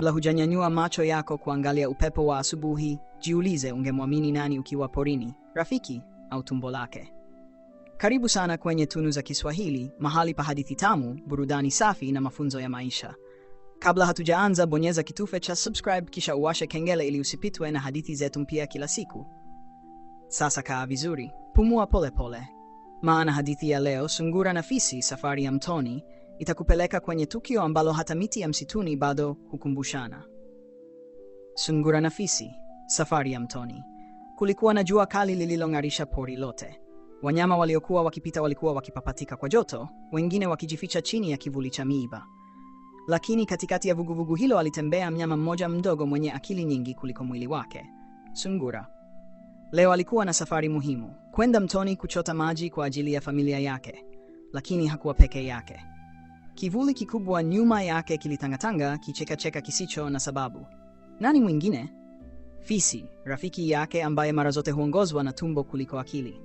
Kabla hujanyanyua macho yako kuangalia upepo wa asubuhi, jiulize ungemwamini nani ukiwa porini, rafiki au tumbo lake. Karibu sana kwenye Tunu za Kiswahili, mahali pa hadithi tamu, burudani safi na mafunzo ya maisha. Kabla hatujaanza, bonyeza kitufe cha subscribe kisha uwashe kengele ili usipitwe na hadithi zetu mpya kila siku. Sasa kaa vizuri, pumua polepole pole. Maana hadithi ya leo, sungura na fisi, safari ya mtoni itakupeleka kwenye tukio ambalo hata miti ya msituni bado hukumbushana. Sungura na Fisi, safari ya mtoni. Kulikuwa na jua kali lililong'arisha pori lote. Wanyama waliokuwa wakipita walikuwa wakipapatika kwa joto, wengine wakijificha chini ya kivuli cha miiba. Lakini katikati ya vuguvugu hilo alitembea mnyama mmoja mdogo mwenye akili nyingi kuliko mwili wake, sungura. Leo alikuwa na safari muhimu, kwenda mtoni kuchota maji kwa ajili ya familia yake, lakini hakuwa peke yake. Kivuli kikubwa nyuma yake kilitangatanga kichekacheka kisicho na sababu. Nani mwingine? Fisi, rafiki yake ambaye mara zote huongozwa na tumbo kuliko akili.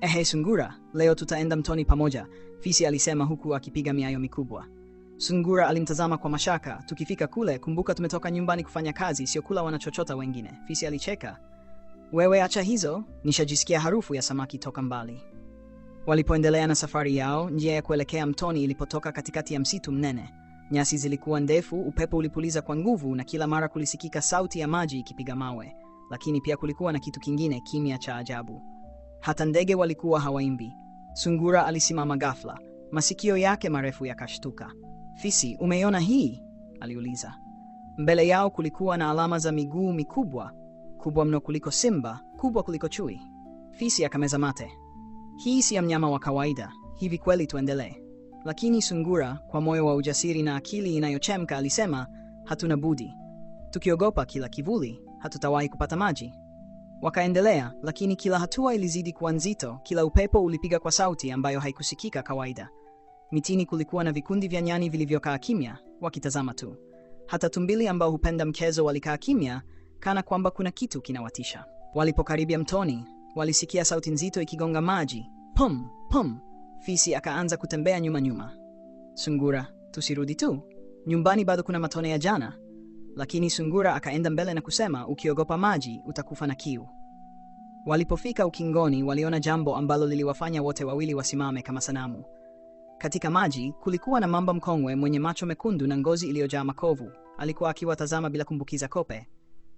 Ehe, Sungura, leo tutaenda mtoni pamoja, Fisi alisema huku akipiga miayo mikubwa. Sungura alimtazama kwa mashaka. Tukifika kule, kumbuka tumetoka nyumbani kufanya kazi, sio kula wanachochota wengine. Fisi alicheka. Wewe acha hizo, nishajisikia harufu ya samaki toka mbali. Walipoendelea na safari yao, njia ya kuelekea mtoni ilipotoka katikati ya msitu mnene. Nyasi zilikuwa ndefu, upepo ulipuliza kwa nguvu, na kila mara kulisikika sauti ya maji ikipiga mawe. Lakini pia kulikuwa na kitu kingine, kimya cha ajabu. Hata ndege walikuwa hawaimbi. Sungura alisimama ghafla, masikio yake marefu yakashtuka. Fisi, umeiona hii? aliuliza. Mbele yao kulikuwa na alama za miguu mikubwa, kubwa mno kuliko simba, kubwa kuliko chui. Fisi akameza mate. Hii si ya mnyama wa kawaida, hivi kweli? Tuendelee. Lakini sungura kwa moyo wa ujasiri na akili inayochemka alisema, hatuna budi, tukiogopa kila kivuli hatutawahi kupata maji. Wakaendelea, lakini kila hatua ilizidi kuwa nzito, kila upepo ulipiga kwa sauti ambayo haikusikika kawaida. Mitini kulikuwa na vikundi vya nyani vilivyokaa kimya, wakitazama tu. Hata tumbili ambao hupenda mchezo walikaa kimya, kana kwamba kuna kitu kinawatisha. Walipokaribia mtoni Walisikia sauti nzito ikigonga maji, pum pum. Fisi akaanza kutembea nyuma nyuma. Sungura, tusirudi tu nyumbani, bado kuna matone ya jana. Lakini sungura akaenda mbele na kusema, ukiogopa maji utakufa na kiu. Walipofika ukingoni, waliona jambo ambalo liliwafanya wote wawili wasimame kama sanamu. Katika maji kulikuwa na mamba mkongwe mwenye macho mekundu na ngozi iliyojaa makovu. Alikuwa akiwatazama bila kumbukiza kope.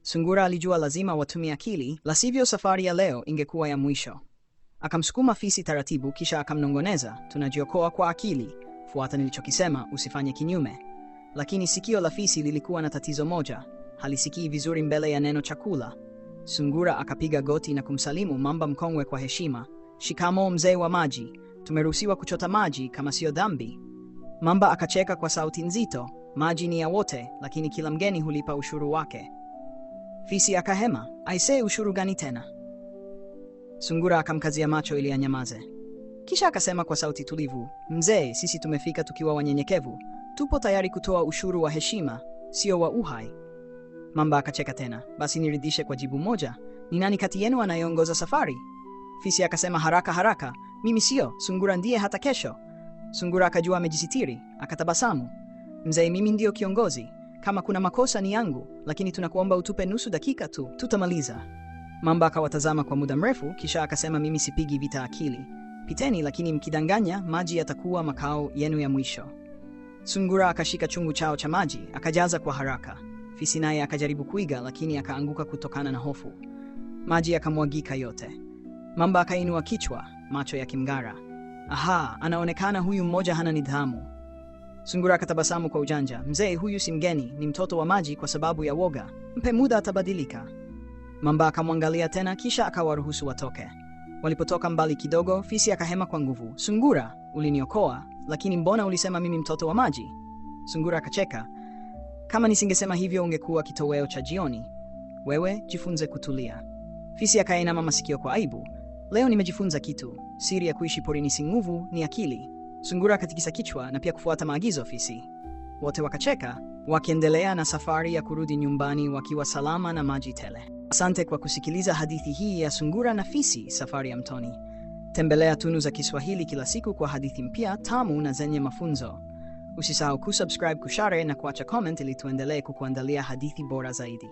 Sungura alijua lazima watumie akili, la sivyo safari ya leo ingekuwa ya mwisho. Akamsukuma fisi taratibu, kisha akamnongoneza, tunajiokoa kwa akili, fuata nilichokisema, usifanye kinyume. Lakini sikio la fisi lilikuwa na tatizo moja, halisikii vizuri mbele ya neno chakula. Sungura akapiga goti na kumsalimu mamba mkongwe kwa heshima, shikamo mzee wa maji, tumeruhusiwa kuchota maji kama siyo dhambi. Mamba akacheka kwa sauti nzito, maji ni ya wote, lakini kila mgeni hulipa ushuru wake. Fisi akahema, aisee, ushuru gani tena? Sungura akamkazia macho ili anyamaze, kisha akasema kwa sauti tulivu, mzee, sisi tumefika tukiwa wanyenyekevu, tupo tayari kutoa ushuru wa heshima, sio wa uhai. Mamba akacheka tena, basi niridhishe kwa jibu moja, ni nani kati yenu anayeongoza safari? Fisi akasema haraka haraka, mimi sio, Sungura ndiye hata kesho. Sungura akajua amejisitiri, akatabasamu. Mzee, mimi ndio kiongozi. Kama kuna makosa ni yangu, lakini tunakuomba utupe nusu dakika tu, tutamaliza. Mamba akawatazama kwa muda mrefu, kisha akasema, mimi sipigi vita akili. Piteni, lakini mkidanganya, maji yatakuwa makao yenu ya mwisho. Sungura akashika chungu chao cha maji akajaza kwa haraka. Fisi naye akajaribu kuiga, lakini akaanguka kutokana na hofu. Maji yakamwagika yote. Mamba akainua kichwa, macho kimgara Aha, anaonekana huyu mmoja hana nidhamu. Sungura akatabasamu kwa ujanja. Mzee huyu si mgeni, ni mtoto wa maji kwa sababu ya woga. Mpe muda atabadilika. Mamba akamwangalia tena kisha akawaruhusu watoke. Walipotoka mbali kidogo, fisi akahema kwa nguvu. Sungura, uliniokoa, lakini mbona ulisema mimi mtoto wa maji? Sungura akacheka. Kama nisingesema hivyo ungekuwa kitoweo cha jioni. Wewe jifunze kutulia. Fisi akainama masikio kwa aibu. Leo nimejifunza kitu. Siri ya kuishi porini si nguvu, ni akili. Sungura akatikisa kichwa na pia kufuata maagizo ofisi. Wote wakacheka wakiendelea na safari ya kurudi nyumbani wakiwa salama na maji tele. Asante kwa kusikiliza hadithi hii ya Sungura na Fisi, safari ya mtoni. Tembelea Tunu za Kiswahili kila siku kwa hadithi mpya tamu na zenye mafunzo. Usisahau kusubscribe, kushare na kuacha comment ili tuendelee kukuandalia hadithi bora zaidi.